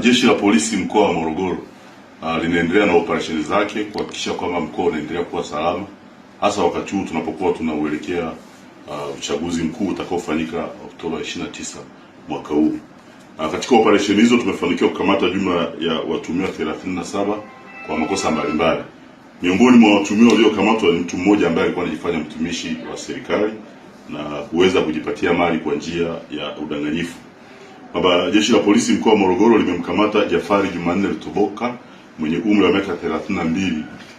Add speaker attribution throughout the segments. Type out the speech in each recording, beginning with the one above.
Speaker 1: Jeshi la Polisi mkoa wa Morogoro uh, linaendelea na operesheni zake kuhakikisha kwamba mkoa unaendelea kuwa salama, hasa wakati huu tunapokuwa tunauelekea uh, uchaguzi mkuu utakaofanyika Oktoba 29 mwaka huu. Uh, katika operesheni hizo tumefanikiwa kukamata jumla ya watumiwa 37 kwa makosa mbalimbali. Miongoni mwa watuhumiwa waliokamatwa ni mtu mmoja ambaye alikuwa anajifanya mtumishi wa serikali na kuweza kujipatia mali kwa njia ya udanganyifu. Baba, jeshi la polisi mkoa wa Morogoro limemkamata Jafari Jumanne Lutoboka mwenye umri wa miaka 32,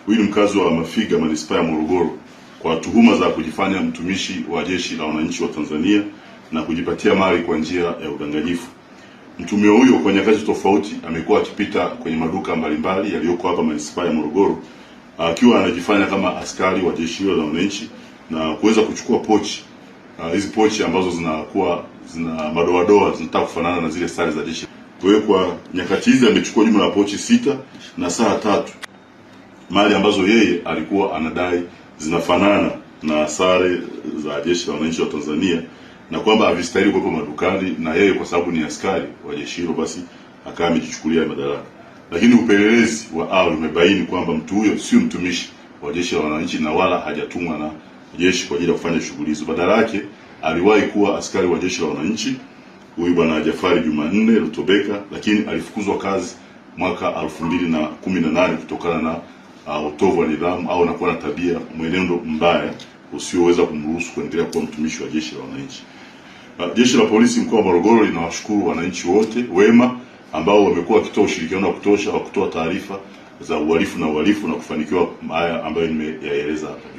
Speaker 1: huyu ni mkazi wa Mafiga, manispaa ya Morogoro, kwa tuhuma za kujifanya mtumishi wa jeshi la wananchi wa Tanzania na kujipatia mali kwa njia ya udanganyifu. Mtumio huyo kwa nyakati tofauti amekuwa akipita kwenye maduka mbalimbali yaliyoko hapa manispaa ya Morogoro akiwa anajifanya kama askari wa jeshi hilo la wananchi na kuweza kuchukua pochi ah, hizi, uh, pochi ambazo zinakuwa zina madoadoa zinataka kufanana na zile sare za jeshi. Kwa hiyo kwa nyakati hizi amechukua jumla ya pochi sita na saa tatu, mali ambazo yeye alikuwa anadai zinafanana na sare za jeshi la wananchi wa Tanzania na kwamba havistahili kuwepo madukani, na yeye kwa sababu ni askari wa jeshi hilo, basi akawa amejichukulia madaraka. Lakini upelelezi wa awali umebaini kwamba mtu huyo sio mtumishi wa jeshi la wananchi na wala hajatumwa na jeshi kwa ajili ya kufanya shughuli hizo, badala yake aliwahi kuwa askari wa jeshi la wananchi huyu bwana Jafari Jumanne Rutobeka, lakini alifukuzwa kazi mwaka 2018 kutokana na uh, utovu wa nidhamu au anakuwa na tabia mwenendo mbaya usioweza kumruhusu kuendelea kuwa mtumishi wa jeshi la wananchi. Uh, jeshi la polisi mkoa wa Morogoro linawashukuru wananchi wote wema ambao wamekuwa wakitoa ushirikiano wa kutosha wa kutoa taarifa za uhalifu na uhalifu na kufanikiwa haya ambayo nimeyaeleza hapa.